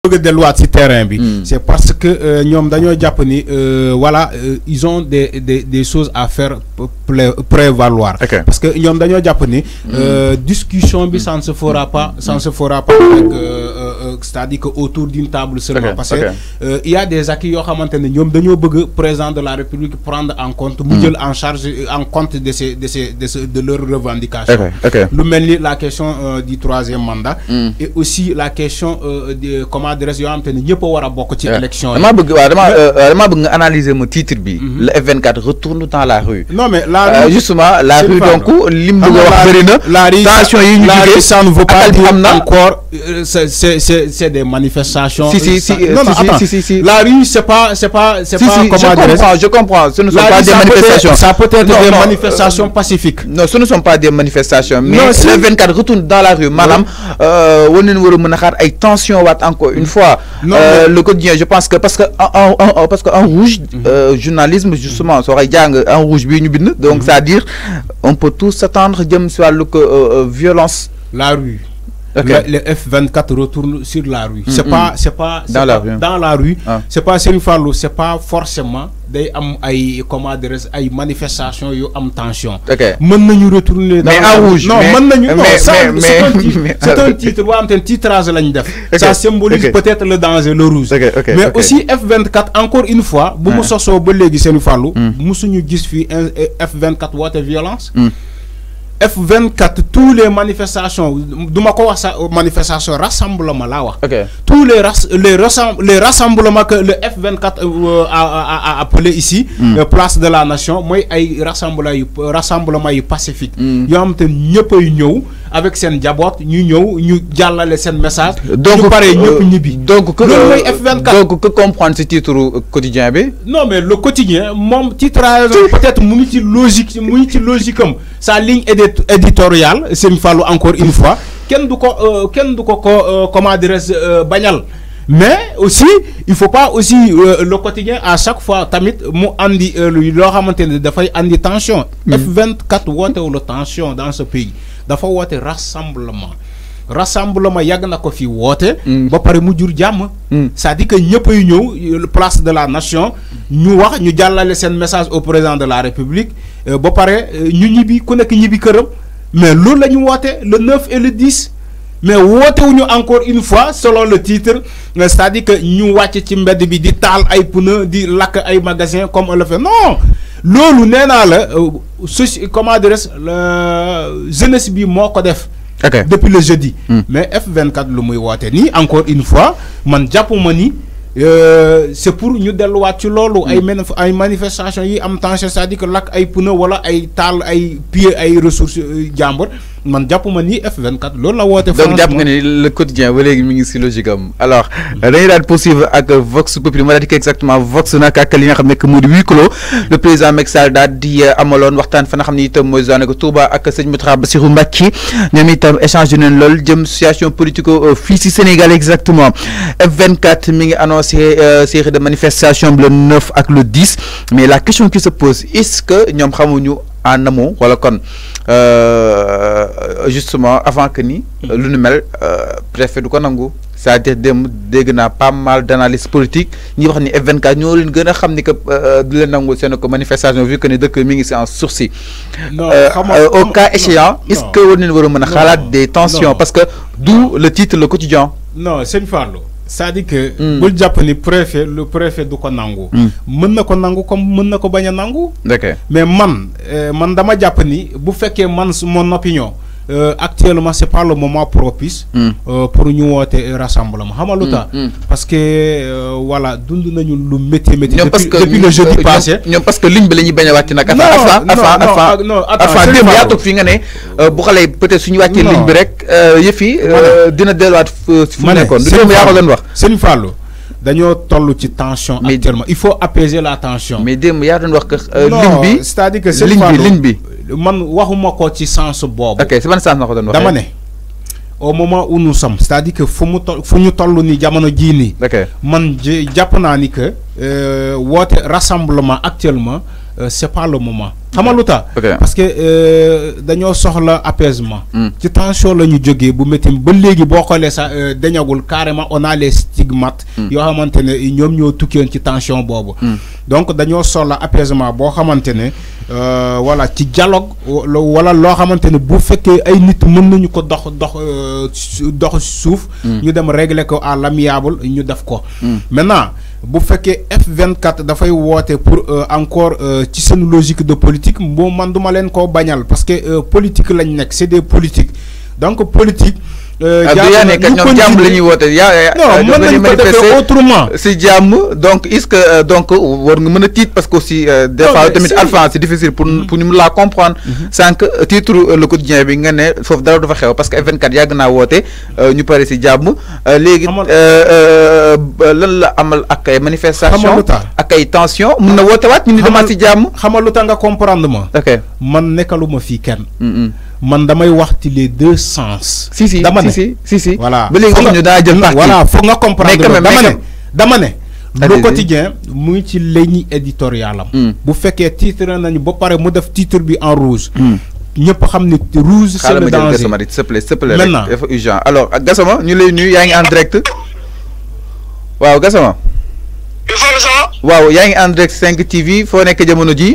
des lois delluwaat terrain bi. Hmm. c'est parce que euh, ñoom dañoo japonais ni euh, voilà euh, ils ont des des des choses à faire prévaloir. parce que ñoom dañoo japonais ni. Hmm. discussion bi hmm. ça ne se fera pas ça ne se fera pas avec c'est-à-dire que autour d'une table seulement. parce que il y a des acquis yoo xamante ne bëgg de la république prendre en compte. mu en charge en compte de ces de ces de ces de leurs revendications. lu mel la question du troisième mandat. et aussi la question de comment d'adresse yoo xam ñëpp a war ci eh, élection yi. bëgg waaw damaa euh, euh, nga analyser ma titre bi. Mhm. le F24 retourne dans la rue. non mais la euh, rue justement la rue donc lim wax tension yi ñu jugee encore c'est c'est c'est des manifestations. si si si si si si la rue c'est pas c'est pas c'est pas comment dire je comprends ce ne sont pas des manifestations ça peut être des manifestations pacifiques. non ce ne sont pas des manifestations. mais le 24 retourne dans la rue Madame, war nañu war a mën xaar ay tension waat encore une fois. Euh, le quotidien, je pense que parce que en, rouge, mhm. euh, journalisme, justement, ça aurait en rouge, donc mhm. c'est-à-dire, on peut tous s'attendre, sur la euh, violence. La rue. Okay. Le, le, F24 retourne sur la rue. Mm, mm. c'est pas, c'est pas, dans, pas la rue. dans la rue. Ah. C'est pas Serif c'est pas forcément des am ay comment dire ay manifestations yo am tension. Ok. Mën nañu retourner dans mais la rouge. Non, non. Mais non, c'est un titre bo am ten titrage lañ def. Ça symbolise okay. peut-être le danger le rouge. Okay, mais aussi F24 encore une fois bu mu ah. soso ba légui Serif Fallo nous mm. gis fi F24 woote violence. Mmh. F24 tous les manifestations je ne manifestation rassemblement là, tous les les les rassemblements que le F24 euh, a appelé ici hmm. euh, place de la nation moi, ay rassemblement rassemblement pacifique hmm. yoo xam avec seen njaboot ñu ñëw ñu les sen message. donc pareil. ñëpp euh, donc que euh, F24 donc que comprendre ce titre quotidien bi. non mais le quotidien mon titre peut-être mu logique mu logique am sa ligne éditoriale une fallu encore une fois kenn du ko euh, kenn du ko comment dire mais aussi il faut pas aussi euh, le quotidien à chaque fois tamit mo andi euh, lo xamante des fay andi tension. Mm. F24 le tension dans ce pays fa woote rassemblement rassemblement yàgg na ko fi woote. Mm. ba paré mu jur jam ça mm. à dire que ñëpp ay euh, place de la nation. ñu wax ñu un sen message au président de la république ba paré ñu ñibi ku nek kërëm mais lolu la ñu le 9 et le 10 mais nous encore une fois selon le titre euh, c'est-à-dire que nous avons ci bi di tal ay pneus di ay comme on le fait non lolu euh, comment jeunesse bi depuis le jeudi. Hmm. mais F24 lu muy woté ni encore une fois man pour ni. Euh, c'est pour ñu delluwaat ci lolu hmm. ay yi am tension c'est-à-dire que nous ay pneus wala ay tal ay pieds ay ressources man jappuma ni F24 lolou la wote donc japp nga ni le quotidien ba léegi mi ngi ci logique am alors dañuy daal possible ak Vox Populi ma daal exactement Vox nak ak li nga xam nekk moo di le président Macky Sall da di amalon waxtan fa nga xam ne moy mooy daanaka Touba ak sëñ Moutara Bassirou Mbacké ñoom itam échange nañ lol jëm situation politico euh, fii si Sénégal exactement F24 mi ngi annoncer euh, série de manifestation le 9 ak le 10 mais la question qui se pose est-ce que ñom xamu ñu en amont wala kon euh, justement avant que ni hmm. l'une nu euh, préfet du ko c'est-à-dire des des pas mal d'analyse politiques ñi wax ni F24 ñoo leen gën a de ni que euh, du nangu manifestation vu que les deux communes c'est en sursis au cas échéant est-ce que on ne war a la détention des tensions parce que d'où le titre le quotidien non c'est une femme c'est-à-dire que. Hmm. bul jàpp ni préfet le préfet du ko nangu. Hmm. mën na ko nangu comme mën na ko bañ a nangu. mais man euh, man dama jàpp ni bu fekkee man mon opinion. Euh, actuellement c'est pas le moment propice. Mm. Euh, pour nous rassembler rassemblement mm. Mm. parce que euh, voilà dund depuis le jeudi passé parce que ligne bi la ñuy bañ non non peut-être suñu tension actuellement il faut apaiser la tension mais des yaa c'est-à-dire que c'est man waxuma ko ci sens bobu ok c'est ban sens nga ko doon waxee dama ne. au moment où nous sommes c'est-à-dire que fu mu to, fu ñu toll ni jamono jii nii. man japp na ni que euh, woote rassemblement actuellement euh, c'est pas le moment. xam nga parce que euh, dañoo soxla apaisement. Hmm. ci tension la ñu jógee bu métti ba léegi boo xoolee sax dañagul carrément on a les dégg matt yoo xamante ne ñoom ñoo tukkeewoon ci tension bobu hmm. donc dañoo soxla apaisement boire à maintenir euh, voilà ci dialogue wala lo xamantene bu fekke ay nit mën nañu ko dox dox euh, dox suuf hmm. ñu dem régler ko à l'amiable ñu def ko hmm. maintenant bu fekkee F24 dafay woote pour euh, encore ci seen logique de politique moo man duma leen koo parce que politique lañ nekk c'est des politiques donc politique Euh, jàmm kat ñoom jàmm la ñuy woote yaa non euh, mën nañu ko jàmm donc est-ce que euh, donc war nga mën a tiit parce que aussi des fois tamit alphan c'est difficile pour mm-hmm. pour ñu mu laa comprendre mm-hmm. sànq titre le quotidien bi nga ne foofu dara dafa xew parce que F24 yàgg naa woote ñu pare si jàmm léegi lan la amal ak ay manifestation ak ay tension mun na woote waat ñu ni demaat si jàmm xamal lu tax nga comprendre ma ok man nekkaluma fii ken mm-hmm. man damay wax ci les deux sens. si si dama ne si si si voilà ba légui ñu da jël parti voilà faut nga comprendre dama né dama né le quotidien mu ci ligne éditorialam hmm. bu féké titre nañu ba paré mu def titre bi en rouge. Hmm. ñëpp xam ni rouge. c'est le danger xaaral s'il te plaît s'il te plaît rek dafa urgent alors Gassama ñu lay nuyu yaa ngi en direct. waaw Gassama. waaw yaa ngi en direct 5 TV fo nek jëmono ji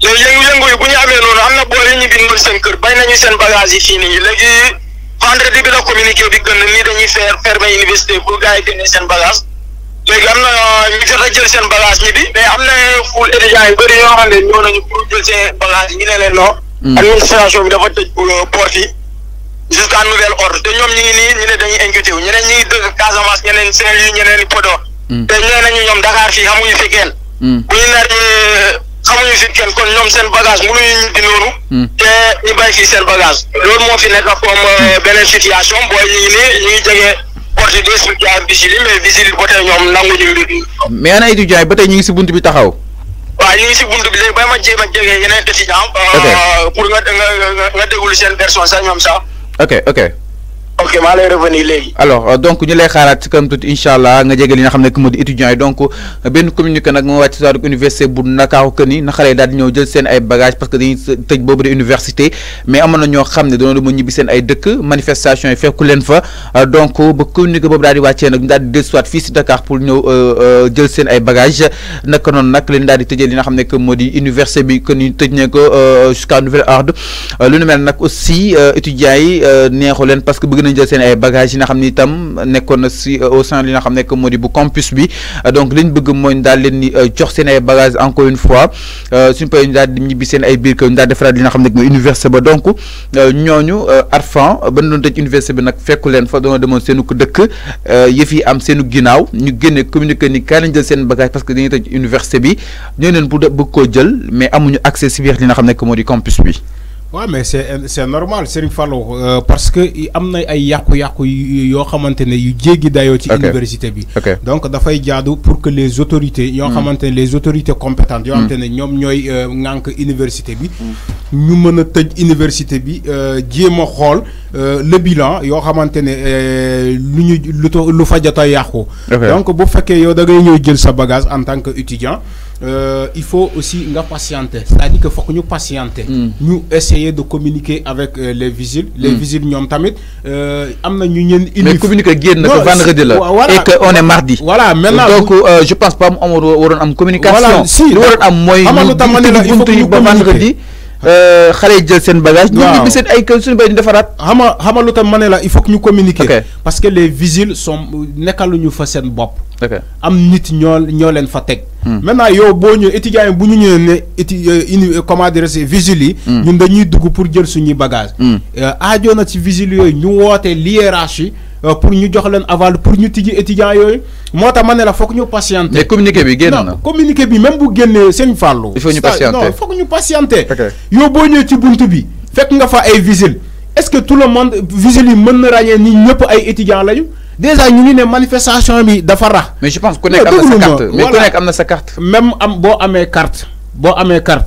léegi yëngu-yëngu yi bu ñu amee noonu am na boole ñu bi noonu seen kër na a jël seen bagage ñi ñoom Dakar fii xamuñu fi kenn hmm. bu ñu xamuñu fi kenn kon ñoom seen bagage mënuñu ñibbi noonu. Hmm. te ñu bàyyi fii seen bagage loolu moo fi nekk comme euh, hmm. beneen situation booy ñu ngi nii ñu ngi jege porte des su jaay visile mais visile ba tey ñoom nanguñu mbir mi. mais ana étudiant yi ba tey ñu ngi si bunt bi taxaw. waaw ñu ngi si bunt bi léegi ba ma jéem a jege yeneen étudiant. Euh, pour nga nga nga déglu seen personne sax ñoom sa ok ok. ok maa lay revenir léegi. alors euh, donc ñu lay xaaraat ci kanam tuuti inshallah nga jege li nga xamné ne que moo di étudiants donc euh, benn communiqué nak mo wàcc si wàllu université bu nakaaw que ni na xale yi daal di jël seen ay bagages parce que dañuy tëj bobu de université mais amoon na ñoo xam ne dañoo ñibi seen ay dëkk manifestation yi fekku leen fa euh, donc bu communiqué bobu daal di wàccee nak ñu daal di dellusiwaat fii si Dakar pour euh, jël seen ay bagages nak non nak leen daal di tëjee li nga xamné ne que moo université bi que ni tëj nañ euh, jusqu'à nouvel ordre lu nu mel nak aussi étudiant yi neexu len parce que bëgg nañ jël seen ay bagages yi nga tam ne ci au sein li nga xam ko modi bu campus bi euh, donc liñ bëgg mooy dal daal leen ni euh, jox seen ay bagages encore une fois euh suñu pay ñu daal di ñibbi seen ay bir kër ñu daal defaraat li nga xam ko université ba donc euh, ñoñu Arfan ba ñu doon université bi nak fekku leen fa doona demoon seenu ko dëkk yëf yi am seenu ginaaw ñu génne communiquer ni kaay nañ jël seen bagage parce que dañuy tëj université bi ñeneen bu bëgg ko jël mais amuñu accès si biir li nga xam ko modi campus bi waaw mais c' est c' est normal Serigne Fallou euh, parce que am na ay yàqu-yàqu yoo xamante ne yu jéggi dayoo. ci université bi. donc dafay jaadu pour que les autorités. yoo hmm. xamante ne les autorités compétentes. yoo hmm. xamante ne ñoom ñooy euh, ŋànk université bi. Hmm ñu mën a tëj université bi euh, jéem a xool euh, le bilan yoo xamante ne euh, lu ñu lu fa lu fajata yàqu donc bu fekkee yow da ngay ñëw jël sa bagage en tant que étudiant Euh, il faut aussi nga patienter c'est-à-dire que fokk ñu patienter hmm. ñu essayer de communiquer avec les vigiles les hmm. vigiles ñoom tamit am na ñu ñeen ilif mais communiquer génn que vendredi la et que on est mardi voilà maintenant donc je pense pas am waroon am communication si lu waroon am mooy ñu buntu yi ba vendredi euh, xale yi jël sen bagage. ñu ñibbi seen ay kër suñu bay di defaraat. xama xama lu tam ma la il faut que ñu communiquer. parce que les vigiles sont nekkaluñu fa seen bopp. am nit ñol ñoo leen fa tek hmm. maintenant yo bo ñu étudiants bu ñu ñëwee ne éti euh, euh, comment dire ces vigiles hmm. ñun dañuy dugg pour jël suñu bagage. Hmm. aajoo na ci vigile yooyu ñu woote hiérarchie. Euh, pour ñu jox leen aval pour ñu tijji étudiant yooyu moo tax ma ne la foog ñu patienter. mais communiqué bi génn na communiqué bi même bu génnee seen fàllu. il faut ñu patienter non foog ñu patienter. yow boo ñëwee ci bunt bi fekk nga fa ay vigiles est-ce que tout le monde vigiles yi mën na ràññee ni ñëpp ay étudiant lañu. déjà ñu ngi ne manifestation bi dafa rax. mais je pense ku nekk am na sa carte mais ku nekk am na sa carte. même am boo amee carte boo amee carte.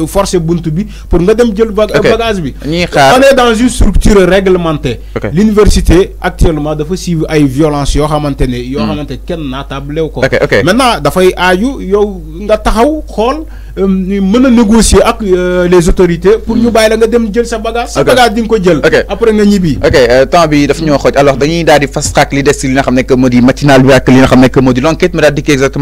Euh, force Buntubi pour nga dem bagage on est dans une structure réglementée l'université actuellement dafa ay violence yo xamantene yo hmm. xamantene kenn ko maintenant il y nga taxaw euh, négocier euh, les autorités pour ñu sa après nga ok alors des si li nga xam l'enquête exactement